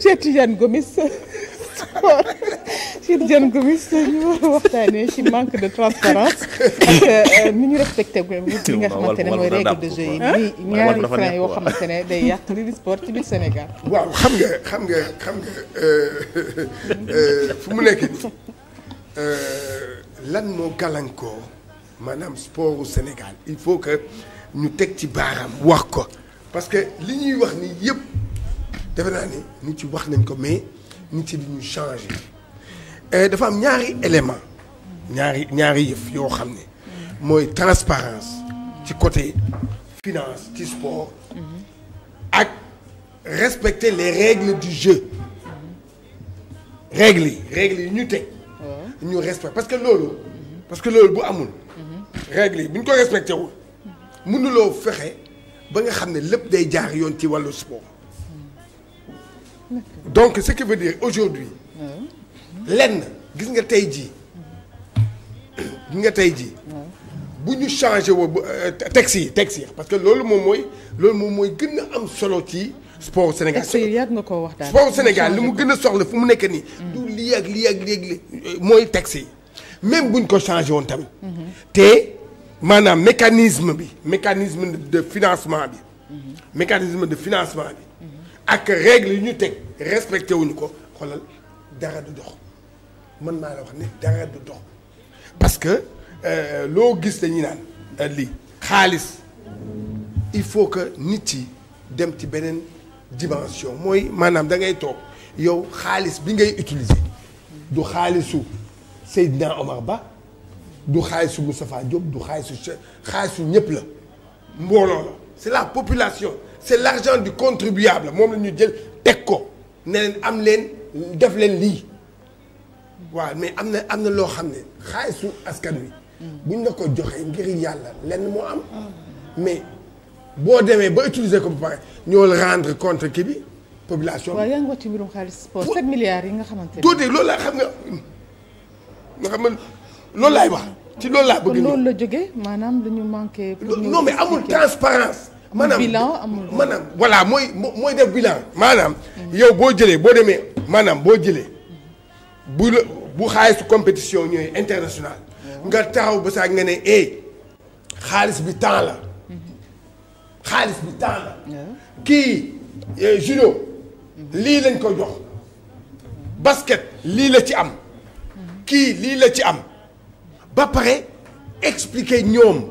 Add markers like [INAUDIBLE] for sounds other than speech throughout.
Cheikh Tidiane Gomis Cheikh Tidiane Gomis ñu waxtaanee ci manque de transparence ak euh, ni ñu respecté ko li nga xamante ne mooy règle de jeu yi nii ñaari frein yoo xamante ne day yàq li di sport ci biir Sénégal waaw xam nga xam nga xam nga euh, fu mu nekk euh, lan moo gàllankoor maanaam sport u Sénégal il faut que ñu teg ci baaraam wax ko parce que li ñuy wax ni yëpp defe naa ne nit ci wax nañ ko mais nit ci duñu changé euh, dafa am ñaari élément ñaari ñaari yëf yoo xam ne mooy transparence ci côté finance ci sport ak respecter les règles du jeu règles yi règles yi ñu teg ñu respect parce que loolu parce que loolu bu amul règles yi bu ñu ko respecté wul mënuloo fexe ba nga xam ne lépp day jaar yoon ci wàllu sport donc ce qui veut dire aujourd'hui lenn gis nga tey jii gis nga tey jii bu ñu changé woo euh, texte yi texte yi parce que loolu moom mooy loolu moom mooy gën a am solo ci sport Sénégal yàgg nga koo wax daal sport Sénégal li mu gën a soxla fu mu nekk nii. Mm. du lii ak lii ak lii euh, mooy texte yi même buñ ko changé woon tamit. Mm-hmm. te maanaam mécanisme bi mécanisme de financement bi. Mm-hmm. mécanisme de financement bi. ak règle yi ñu teg respecté wuñu ko xoolal dara du dox mën naa la wax ne dara du dox parce que euh, loo gis dañuy naan euh, lii xaalis il faut que nit yi dem ci beneen dimension mooy maanaam da ngay toog yow xaalis bi ngay utiliser du xaalisu Seydina Omar Ba du xaalisu Moustapha Diop du xaalisu xaalisu ñëpp la mbooloo la c'est la population c'est l'argent du contribuable moom la ñu jël teg ko ne leen am leen def leen lii waaw mais am na am na loo xam ne xaalis xaalisu askan wi. buñ la ko joxee ngir yàlla lenn moo am. mais boo demee ba utiliser ko bu pare ñoo rendre compte kii bi population. waaw yaa ngi wax ci mbirum xaalis sport. 7 milliards yi nga xamante ne. tuuti loolu laa xam nga nga xam nga loolu laay wax. ci loolu laa bëgg. kon loolu la jógee maanaam dañu manqué. non mais amul transparence maanaam bilan amul maanaam voilà mooy mooy def bilan maanaam. Mm. yow boo jëlee boo demee maanaam boo jëlee bu la bu xaalis compétition ñooy international mm. nga taxaw ba saa nga ne eh xaalis bi temps la mm-hmm. xaalis bi temps kii eh, judo mm-hmm. lii lañ ko jox basket lii la ci am mm-hmm. kii lii la ci am ba pare expliquer ñoom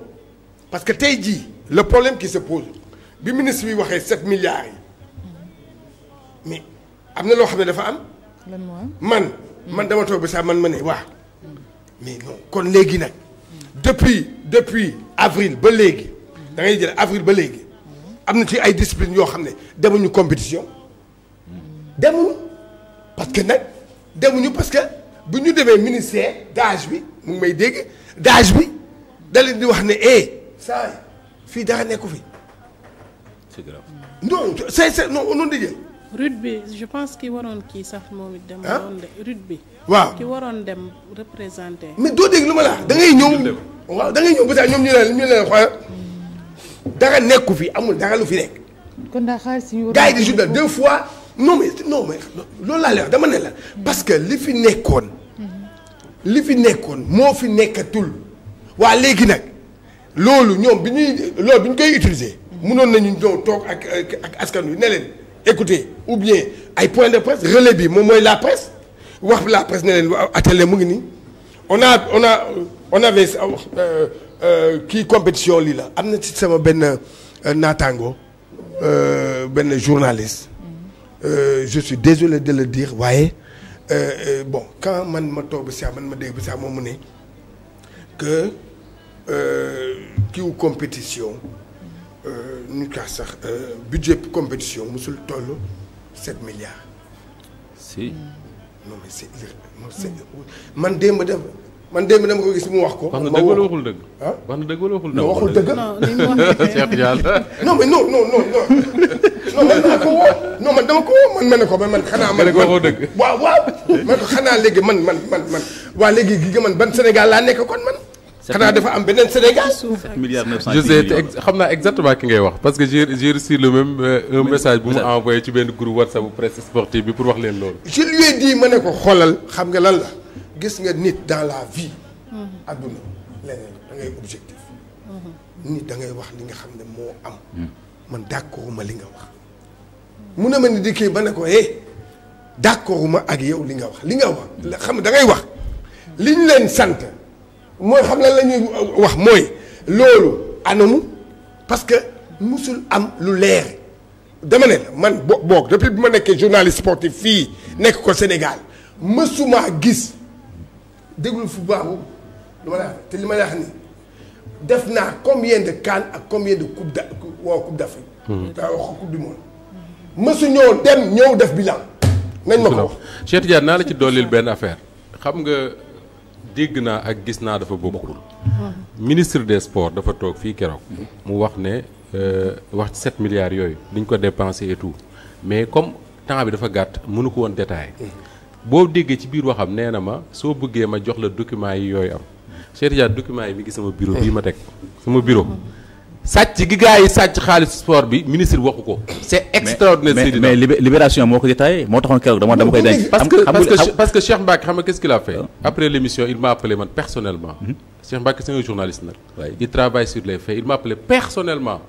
parce que tey jii. le problème qui se pose bi ministre bi waxee sept milliards yi mais am na loo xam ne dafa am. man man dama toog ba sax man ma ne waa mais non kon léegi nag depuis depuis avril ba léegi da ngay jël avril ba léegi am na ci ay discipline yoo xam ne demuñu compétition demuñu parce que nag demuñu parce que bu ñu demee ministère d'âge bi mu ngi may dégg d'âge bi da di wax ne eh fii dara nekku fi. c'est grave. non noonu di jël. bi je pense ki waroon kii sax moom it dem. ah bi. waaw ki waroon dem représenté. mais doo dégg lu ma la dangay ngay ñëw. waaw da ngay ñëw ba ñoom ñu amul dara fi nekk. kon ñu gars yi fois non mais laa lay dama ne la parce que li fi nekkoon. li fi nekkoon moo fi nekkatul waa léegi nag. loolu ñoom bi ñuy loolu bi ñu koy utiliser mënoon nañu ñëw toog ak ak askan wi ne leen écoutez ou bien ay point de presse relais bi moom mooy la presse wax la presse ne leen atelier mu ngi nii on a on a on avait kii euh, euh, compétition lii la am na ci sama benn euh, naataango euh, benn journaliste euh, je suis désolé de le dire waaye euh, bon quand man ma toog ba saa man ma dégg ba saa moom mu ne Euh, kiw compétition nu euh, ñu koy sax euh, budget compétition musul toll sept milliards. si. non mais c'est c'est man démb def man ko gis mu wax ko. ma wax ko waxul dëgg. ah wax [LAUGHS] ko woo man dama ko woo waaw waaw. man ko xanaa léegi man man man man waa léegi gi nga man ban Sénégal laa nekk kon man. xanaa dafa am beneen Sénégal. 7 milliards 900 je xam naa exactement ki ngay wax parce que j'ai j'ai reçu le même euh, un message bu mu envoyé ci benn groupe WhatsApp bu presse sportive bi pour wax leen loolu. je lui ma ne ko xoolal xam nga lal la gis nga nit dans la vie. Mm-hmm. Mm-hmm. da ngay wax li nga xam ne moo am. Mm. man d'accord li nga wax. mun ne ma ni dikkee ba ne ko eh d'accord ak yow li nga wax li nga wax xam da dangay wax li ñu leen sant. mooy xam lan la wax mooy loolu anamu parce que musul am lu leer dama ne man bo boog depuis bi ma nekkee journaliste sportif fii nekk ko Sénégal mësuma gis déglu fu baaxu lu ma la te li ma la wax ni def naa combien de CAN ak combien de coupe d' waaw coupe d' Afrique. Hmm. wax coupe du monde mësu ñoo dem ñëw def bilan. nañ ma ko wax Cheikh Tidiane naa la ci dollil benn affaire xam nga. dégg naa ak gis naa dafa bokkul. ministre des sports dafa toog fii keroog. mu wax ne euh, wax ci 7 milliards yooyu diñ ko dépensé et mais comme temps bi dafa gàtt mënu ko woon détaillé. boo déggee ci biir waxam nee na ma soo bëggee ma jox la documents yi yooyu am. Cheikh Dia documents yi mi ngi sama bureau bii ma teg sama bureau. sàcc gi gars yi sàcc xaalis sport bi ministre waxu ko. c'est extraordinaire mais libération moo ko détaillé moo taxoon keroog dama koy denc. parce que parce que parce que Cheikh Mbacke xam nga qu'est-ce qu'il a fait. Euh. après l'émission il m'a appelé man personnellement. Mhm. Cheikh Mbacke c'est un journaliste nag. il travaille sur les faits il m'a appelé personnellement.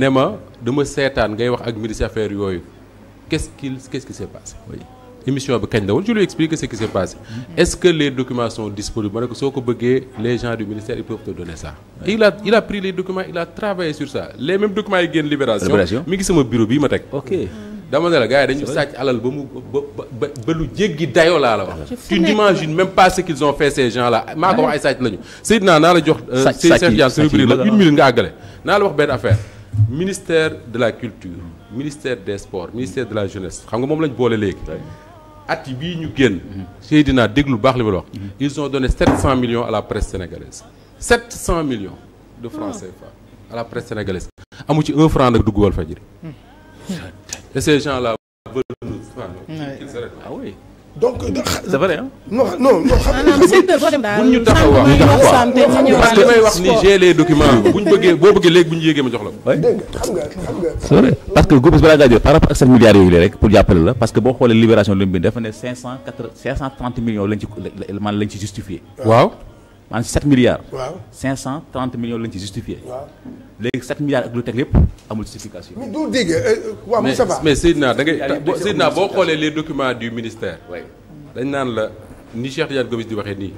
ne ma dama seetaan ngay wax ak ministre affaires yooyu qu'est-ce qu'il qu'est-ce qui s'est émission bi kañ la woon je lui explique ce qui s'est passé mm-hmm. est-ce documents soo ko bëggee les gens du ministère ils peuvent te il a il a pris les documents il a travaillé sur ça les mêmes documents yi génn libération mi ngi sama bureau bii ma teg ok dama ne la gars dañu sàcc alal ba mu ba ba lu jéggi dayoo laa la wax tu n'imagines même pas qu'ils ont fait ces gens là maa ko wax ay sàcc lañu Seydina naa la jox euh, Cheikh Diane sa rubrique la une minute nga la wax benn affaire ministère des sports ministère de la jeunesse xam nga moom lañ boole léegi at bii ñu génn. Seydina déglu baax li ma la wax. Mhm. ils ont donné millions à la presse sénégalaise. millions de francs ah. CFA à la presse sénégalaise. amu ci un franc nag dugg Walfadjri. Hmm. et ces gens là veulent nous. donc euh, c'est vrai ah. non non non xam nga. bu ñu taxawoo ñu taxawoo parce que may wax ni j'ai les documents bu ñu bëggee boo bëggee léegi bu ñu yéegee ma jox la. dégg nga xam nga xam nga. c'est vrai parce que góobis balaa ngaa jógee par rapport ak 7 milliards yooyu rek pour jàppale la parce que boo xoolee libération lim bi dafa ne 580 530 millions lañ ci man lañ ci justifié. waaw. maanaam 7 milliards. waaw 530 millions lañ ci justifié. waaw léegi 7 milliards ak lu teg lépp amul si mais doo dégg euh, waaw Moussa Ba. mais Seydina da ngay Seydina boo xoolee les du ministère. waay dañ naan la ni Cheikh Tidiane Gomis di waxee nii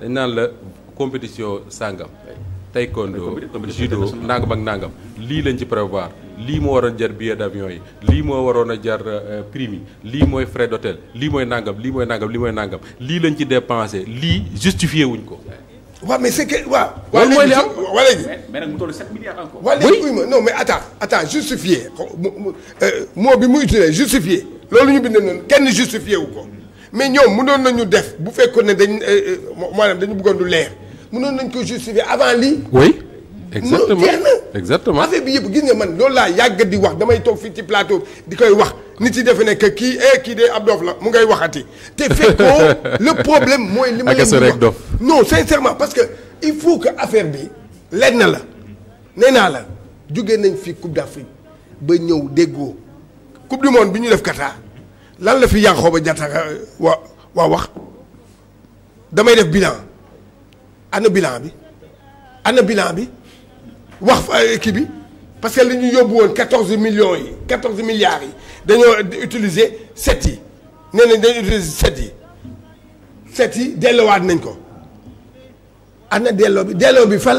dañ naan la compétition sangam. taekwondo judo nangam ak nangam lii lañ ci prévoir lii moo waroon jar billet d'avion yi lii moo waroon a jar euh, prime yi lii mooy frais d'hôtel lii mooy nangam lii mooy nangam lii mooy nangam lii lañ ci dépensé lii justifié wuñ ko waaw mais c'est que waaw. loolu mooy li am waa léegi mais nag mu toll 7 milliards encore. waa léegi ma non mais attends attends justifié euh, moo bi mu utilisé justifié loolu ñu bind noonu kenn justifié wu ko mais ñoom mënoon nañu def bu fekkoon ne dañ euh, euh, maanaam dañu bëggoon du leer mënoon nañ ko justifier avant lii. oui. exactement jeex na exactement gis nga man loolu laa yàgg di wax damay toog fii ci plateau di koy wax nit yi defe ne kii eh, kii de ab dof la mu ngay waxati te [LAUGHS] fekkoo le mooy li ma leen di wax non sincèrement parce que il faut que affaire bi lenn la nee naa la jóge nañ fi Coupe d'Afrique ba ñëw déggoo Coupe du bi ñu def Qatar lan la fi Yankhoba Diattara euh, wa waa wax damay def bilan ana bilan bi ana bilan bi wax fa kii bi parce que li ñu yóbbu woon quatorze millions yi quatorze milliards yi dañoo utiliser sept yi nee nañ dañu utiliser set yi sept yi delloowaat nañ ko ana delloo bi delloo bi fan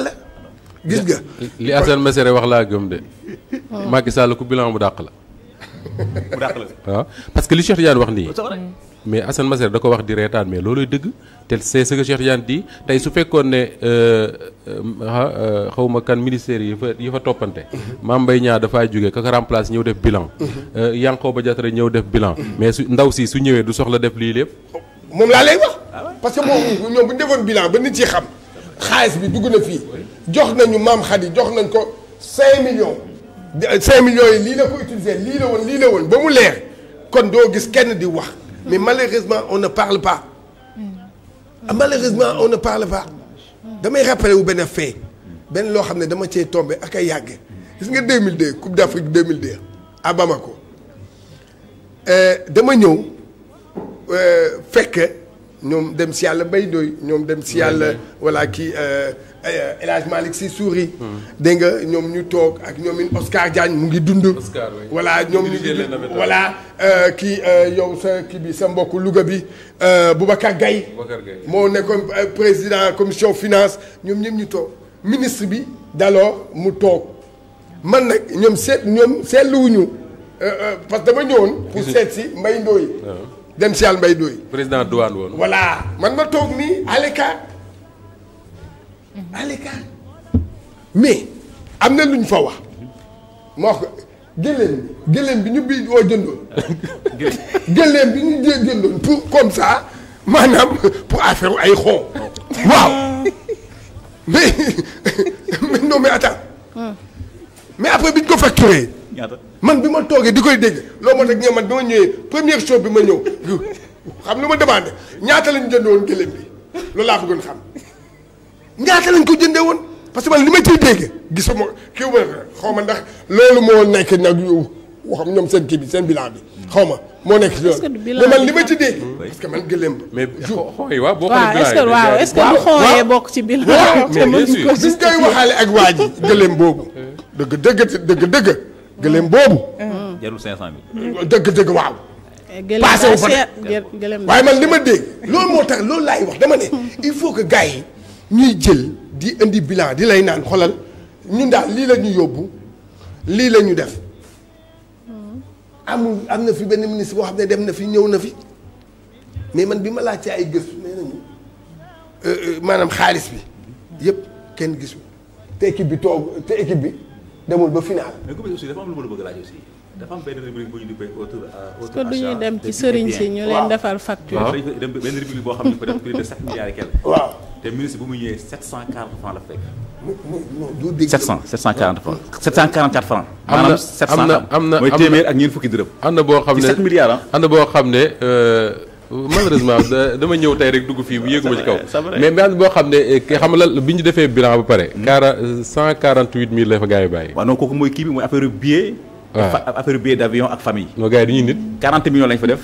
gis nga. li Assane Mesere wax laa gëm de. Oh. Macky Sall ku bilan bu dàq la. [LAUGHS] bu la waaw ah. parce que li Cheikh Tidiane wax nii. mais Assane Masseer da ko wax di reetaan mais loolooy dëgg te c'est ce que di tey su fekkoon ne euh, euh, ah, euh, xaw ma kan ministère yi fa yi fa toppante. Mame Mbaye ñaar dafay jóge kaka remplace ñëw def bilan. Yankhoba Diattara ñëw def bilan. mais su ndaw si su ñëwee du soxla def lii lépp. moom laa lay wax. parce que moom ñoom bu ñu defoon bilan ba nit ci xam. xaalis bi dugg na fii jox nañu maam Khady jox nañ ko 5 millions. 5 millions yi lii la ko utilisé lii la woon lii la woon kon doo gis kenn di wax. mais malheureusement on ne parle pas ah, malheureusement on ne parle pas damay rappelé wu benn fait benn loo xam ne dama cee tombé ak ay yàgg gis nga 2002 Coupe d'Afrique 2002 à ko euh, dama ñëw euh, fekk ñoom dem si yàlla bay doy ñoom dem si yàlla voilà kii euh, Eh, El Hadj Malick Sy Souris. dégg nga ñoom ñu toog ak ñoom in Oscar Diagne mu ngi dund. Oscar voilà ñoom ñu ngi voilà euh, kii euh, yow sa kii bi sa mbokk Louga bi euh, Boubacar Gaye moo nekkoon président commission finance ñoom ñëpp ñu toog ministre bi d'alors mu toog man nag ñoom seet ñoom seetluwuñu parce que dama ñëwoon. pour [LAUGHS] seet si mbay Ndoye ah. dem si yàlla Mbaye Ndoye président douane woon. voilà man ma toog nii à à mm-hmm. l'écart mais am na lu ñu fa wax ma wax ko gëléem bi gëléem bi ñu bi oo jëndoon [LAUGHS] gëléem bi ñu jee jëndoon pour comme ça maanaam pour affaire ay xon waaw [LAUGHS] mais non mais attends mm. mais après bi ñu ko facturé man bi ma toogee di koy dégg loo moo tax nga man bi ma ñëwee première chose bi ma ñëw xam lu ma demandé ñaata lañ jëndoon gëléem bi loolu laa bëggoon xam ñaata lañ ko jëndee woon parce que man li ma ciy dégg gisuma kii ma xaw ma ndax loolu moo nekk nag yu waxam ñoom seen kii bi seen bilan bi xaw ma moo nekk ci loolu li ma ci man gëléem ba. mais xooy waaw bokk ci bilan. te mën ko gis waa ji gëléem dëgg dëgg dëgg dëgg. gëléem boobu. Mm. jarul 500000. dëgg dëgg waaw. Eh, passé wu li ma dégg. loolu moo tax loolu laay wax dama ne il faut que gars yi. ñuy jël di indi bilan di lay naan xolal ñun daal lii la ñu yóbbu lii la ñu def amul am na fi benn ministre boo xam ne dem na fi ñëw na fi mais man bi ma laajtee ay gëstu nee nañu euh, euh, maanaam xaalis bi yëpp kenn gisul te équipe bi toog te équipe bi demul ba final. mais comme aussi dafa am lu ma du ñu euh, dem ci sëriñ si ñu leen defal facture. waaw. te ministre bu mu ñëwee 740 francs la fekk. mu mu 700 740 francs 744 francs. maanaam 700 am na am na mooy téeméer ak ñeent fukki dërëm. am na boo xam ne ci 7 milliards ah. am na boo xam ne euh, malheureusement dama ñëw tey rek dugg fii bu yéeguma ci kaw. mais mais am na boo xam ne euh, xam la bi ñu defee bilan ba pare. cara hmm. 148000 euh, la fa gars yi bàyyi. waaw non kooku mooy kii bi mooy affaire billet. waaw affaire billet d'avion ak famille. moo gars yi dañuy nit. 40 millions lañ fa def.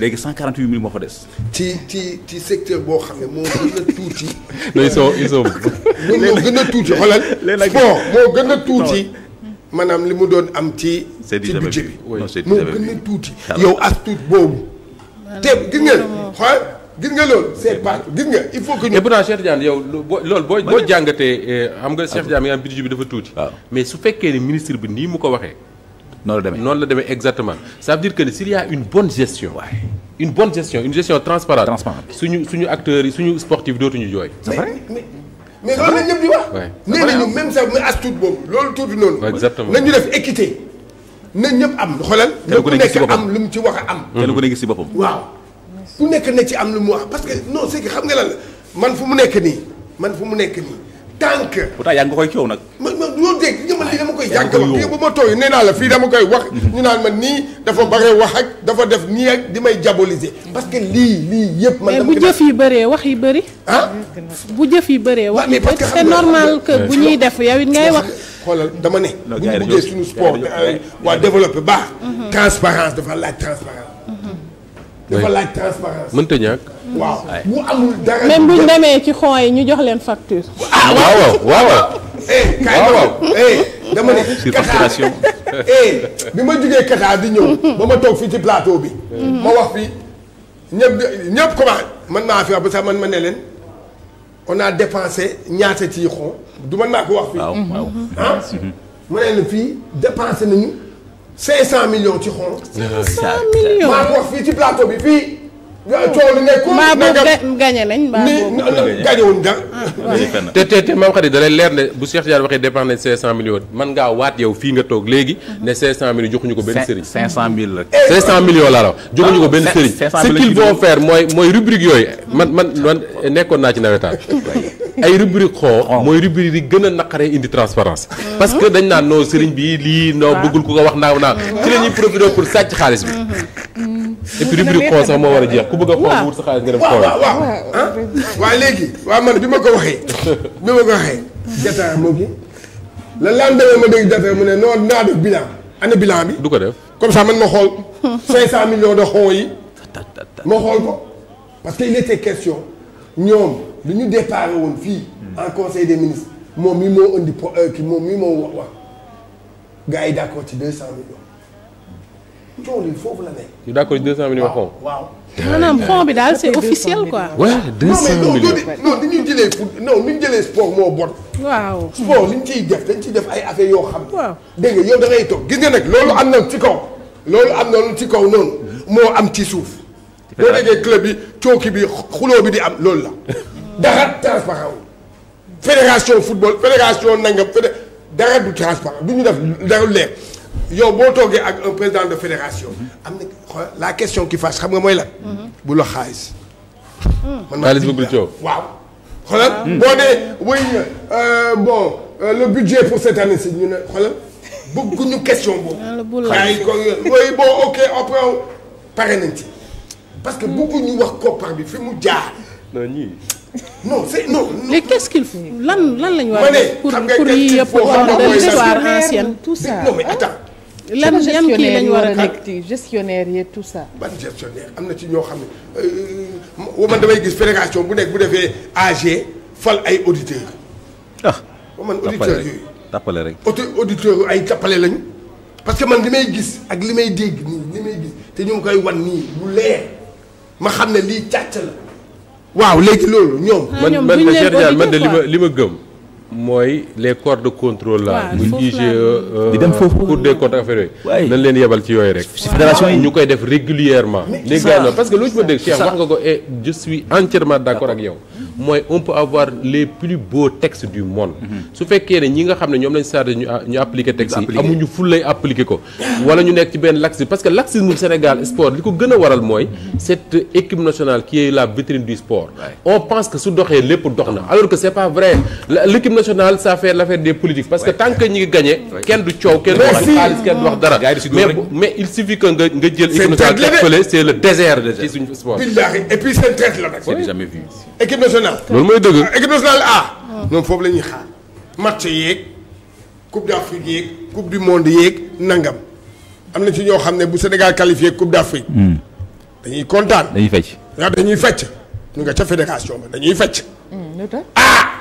léegi 148 mille moo fa des. ci ci ci secteur boo xam ne moo gën a tuuti. [LAUGHS] ils [LAUGHS] gën a tuuti xoolal. léeg bon moo gën a tuuti. maanaam li mu doon am ci. ci budget bi moo gën a tuuti. yow as tuut boobu. te gis nga xool gis nga loolu c'est pas gis nga il faut que ñu. et pourtant Cheikh Tidiane yow loolu boo boo jàngatee eh, xam nga Cheikh Tidiane mi nga am bi dafa tuuti. mais su fekkee ni ministre bi nii mu ko waxee. noonu la demee noonu la demee exactement ça veut que s'il y a une bonne gestion. une bonne gestion une gestion transparente. suñu suñu acteurs yi suñu sportif dootuñu jooy. c'est vrai mais mais loolu la ñëpp di wax. nee nañu même sax mais as boobu loolu tuuti noonu. na ñu def équité. na ñëpp am xoolal. na ku nekk am lu mu ci wax am. te lu ko gis si boppam. waaw ku nekk na ci am lu mu wax parce que non c'est que xam nga lan la man fu mu nekk nii man fu mu nekk nii tant que. pourtant yaa ngi koy coow nag. tooy yàgg wax bu ma nee naa la fii dama koy wax ñu naan ma nii dafa bare wax ak dafa def nii ak di may diaboliser parce que lii lii yëpp ma bu jëf yi bëree wax yi bëri ah bu jëf yi bëree wax yi bëri c'est normal que bu ñuy def yow it ngay wax xoolal dama ne bu ñu buggee suñu sport euh, waa développé baax mhm. transparence dafa laaj transparence dafa laaj transparence mënta ñàkk waaw bu amul dara même bu demee ci xon yi ñu jox leen facture ah waaw waaw eh kaay waaw eh dama ne. Qatar eh bi ma jugee Qatar di ñëw. ba ma toog fii ci plateau bi. Mhm. ma wax fii ñëpp ñëpp comment man maa fi wax ba sax man ma ne leen on a dépensé ñaata ci xon du man maa ko wax. fii waaw ah. ma ne leen fii dépensé nañu 500 millions ci xon. 500 ah, millions maa ko wax fii ci plateau bi fii. coow li nekkul. mbaa boobu gañe nañ mbaa boobu gañe wuñ dara. Ah, te te te maam Khady da leer ne bu Cheikh Diar waxee dépendre nañ 500 millions man ngaa waat yow fii nga toog léegi uh-huh. ne 500 millions joxuñu ko benn sëriñ. 500 mille la. 500 eh, millions ko benn ah, sëriñ. 500 ce qu'ils vont mooy mooy rubrique yooyu man man man nekkoon naa ci nawetaan. [LAUGHS] ay rubrique xoo mooy rubrique yi gën a naqaree indi transparence uh-huh. parce que dañ naan noo sëriñ bi lii noo bëggul ku ko wax naaw naaw uh-huh. ci la ñuy pour sàcc xaalis bi et puis rubrique xool sax moo war a jeex ku bëgg a xool wut sa xaalis nga dem xool waaw waaw waaw léegi waaw man bi ma ko waxee bi ma ko waxee jataay moo gi la lendemain ma dégg jataay mu ne noon naa def bilan ana bilan bi du ko def comme ça man ma xool [LAUGHS] cinq cent millions de xon yi ma xool ko parce que il était question ñoom lu ñu déparé woon fii en conseil des ministres moom mi moo indi po euh, kii moom mi moo wax wax gars yi d'accord ci deux cent millions coow li foofu la nekk. ñu d'accord 200 bi daal c'est officiel quoi. waaw 200 millions non non ñu jëlee non ni jëlee sport moo bon. waaw sport li ñu ciy def dañ ciy def ay affaires yoo xam. waaw dégg nga yow da ngay toog gis nga nag loolu am na ci kaw. loolu am na lu ci kaw noonu moo am ci suuf. boo déggee club bi cooki bi xuloo bi di am loolu la. [LAUGHS] dara transparent fédération football fédération nangam fédé dara du transparent du ñu def dara leer. yow boo toogee ak un président de fédération. am na xool la question ki fâche xam nga mooy lan. bu la xaalis. man xaalis bëggul coow waaw. xoolal ah. boo dee wéy euh, bon euh, le budget pour cette année ci ñu ne xoolal bëgguñu question boobu. Ah, xaalis ko wéy bon ok après pare nañ ci. parce que bëgguñu wax koppar bi fi mu jaar. non ñii. non c'est non. mais lan lañu war a. pour yëpp pour l'histoire ancienne tout ça. lan yan kii lañ war a nekk ci gestionnaire yi tout ça. ban gestionnaire am na ci ñoo xam ne euh, man damay gis fédération bu nekk bu defee AG fal ay auditeurs. ah man auditeurs yooyu. tappale rek auditeurs ay tappale lañu. parce que man li may gis ak li may dégg nii li may gis te ñu ngi koy wan nii bu leer ma xam ne lii càcc la. waaw léegi loolu ñoom. Ah, man man man de li ma li ma gëm. mooy les corps de contrôle là euh, leen yebal ci yooyu rek fédération ñu koy def régulièrement léegi non parce que loolu ci ma dégg Cheikh wax nga ko mm-hmm. su fekkee ne ñi nga xam ne ñoom lañ chargé ñu ñu appliquer textes yi amuñu ful lay appliquer ko wala ñu nekk ci benn laxisme parce que laxisme Sénégal sport li ko gën a waral mooy mm-hmm. cette équipe nationale qui est la vitrine du sport on pense que su doxee lépp dox na alors que c'est pas vrai l'équipe nationale ça fait l'affaire des politiques parce que tant que ñi ngi gagné kenn du coow kenn du wax xaalis kenn du wax loolu mooy dëgg ah, équipe nationale A ñoom foofu la xaar match yeeg coupe d'Afrique yeeg coupe du monde yeeg nangam am na ci ñoo xam ne bu Sénégal qualifié coupe d'Afrique hmm. dañuy kontaan dañuy fecc waaw dañuy fecc ñu nga ca fédération ba dañuy fecc hmm, ah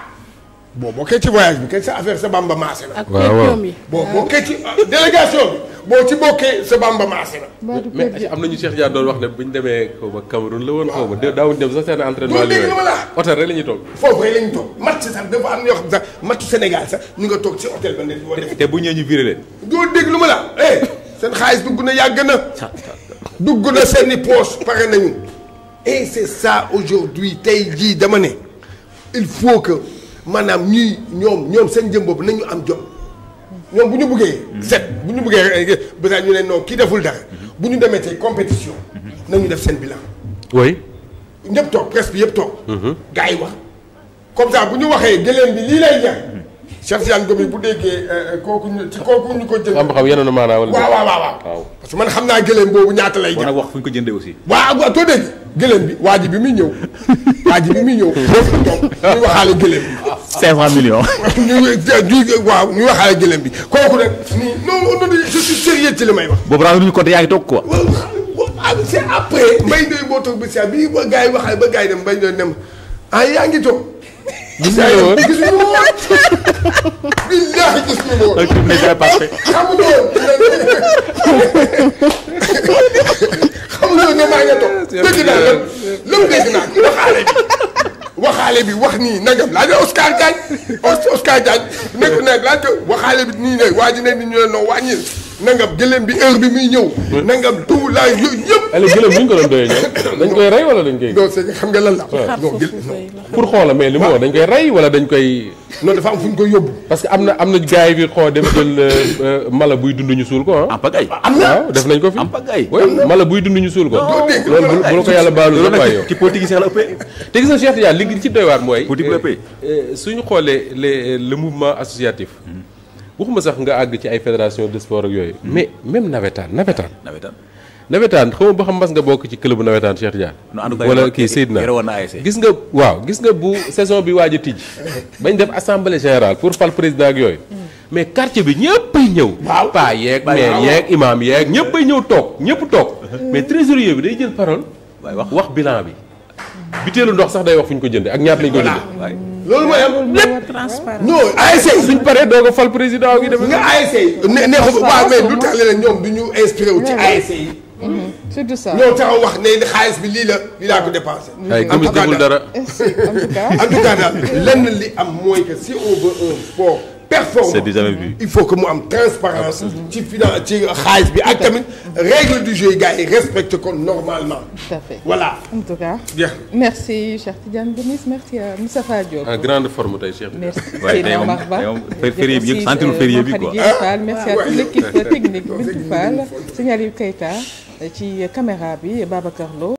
boo bokkee ci voyage bi kañ sa affaire sa bamba maase la. boo bokkee ci euh, délégation bi boo ci bokkee sa bamba maase la. mais am na ñu Cheikh Dia doon wax ne bu ñu demee xaw ma Cameroun la woon. xaw ma daawuñu dem sax seen entraînement. li muy hôtel rek la ñuy toog. la ñuy toog Sénégal sax ñu toog ci hôtel ba nekk wala. te bu ñëwee ñu viré leen. doo dégg lu ma la eh seen xaalis dugg na yàgg na. dugg na seen i poche pare nañu. et c'est ça aujourd'hui tey jii dama ne il faut que maanaam ñuy ñoom ñoom seen jëm boobu nañu am jom ñoom bu ñu buggee set bu ñu buggee bisa ñu ne non kii deful dara bu ñu demee tey compétition nañu def seen bilan oui ñëpp toog presse bi yëpp toog mhm. gars yi wax comme sax bu ñu waxee gëléem bi lii lay jar Cheikh Tidiane Gomis bu déggee euh, euh, kooku ñu ci kooku ñu ko jënd. xam-xam yenn maanaa wala. waaw waaw waaw parce que man xam naa gëléem boobu ñaata lay. jar wax fu ko jëndee aussi. waaw waaw too bi waa bi muy ñëw [LAUGHS] waa muy ñëw. boobu ko toog ñu waxaale gëléem bi. Ah, [LAUGHS] waaw ñu waxaale bi kooku nag. non non je suis sérieux ci li may wax. boobu daal du ñu côté yaa ngi ko quoi. waaw waaw c'est après. mbay doy boo toog ba si bi ba gars yi waxaale ba gars yi dem mbay doy dem. ah yaa ngi toog. gis nga woon gis nga woon. billahi gis nga woon. donc il n'est pas parfait. xamul woon. xamul woon ne maa ngi toog. dëgg naa lan lan dëgg naa waxaale bi. waxaale bi wax nii nangam laaj la Oscar Diagne Oscar Diagne nekk na laaj waxaale bi nii ne waa ji ne ni ñu ne noo wàññil. nangam gëléem bi heure bi muy ñëw. nangam tout la yooyu yëpp. allé ko doon doyee ñoom. dañ koy dañ koy. non c'est pour xoola mais li mu wax dañ koy rey wala dañ koy. non dafa am fu ñu koy yóbbu. parce que am na am na gaay bi xoo dem euh, euh, mala buy dund ñu suul ko ah. am na waaw ah, def nañ ko fi. en pagaille mala buy dund ñu suul ko. loolu bu la ko yàlla baalu rek waaye yow. ci politique sax la ëppee. [LAUGHS] te gis na Cheikh ci doy waat mooy. politique la ëppee euh, suñu xoolee le le mouvement associatif. Hmm. waxuma sax nga àgg ci ay fédération de sport ak yooyu. Hmm. mais même nawetaan nawetaan. nawetaan nawetaan xaw ma ba xam mas nga bokk ci club bu nawetaan Cheikh Tidiane. wala kii Seydina gis nga waaw gis nga bu saison bi waaja a tijj. bañ def assemblée général pour fal président ak yooyu. Hmm. mais quartier bi ñëppay ñëw. waaw paa yeeg maire yeeg imam yeeg ñëppay ñëw toog ñëpp toog. Hmm. mais trésorier bi day jël parole. wax wax bilan bi. biteelu ndox sax day wax fu ñu ko jëndee ak ñaata lañ ko jëndee. loolu mooy am lépp non ASC suñ paree doo ko fal président gi dem nga ASC ne ne waaw mais lu tax leen ñoom du ñu inspiré wu ci ASC yi. Mm-hmm. surtout taxaw wax ne xaalis bi lii la lii laa ko dépensé. [LAUGHS] en tout cas dara en tout cas daal lenn li am mooy que si on veut un sport. performant c'est du jamais vu il faut que mu am transparence ci finance ci xaalis bi ak tamit règle du jeu gars yi respecte ko normalement. tout à fait voilà. en tout cas. bien merci Cheikh Tidiane Gomis merci à Moustapha Diop. en grande forme tey Cheikh. merci Seydina Omar Ba férié bi sentir euh, férié bi quoi. merci à toute l'équipe technique [LAUGHS] Bintou Fall Seynalou Keita ci caméra bi Babacar Lo.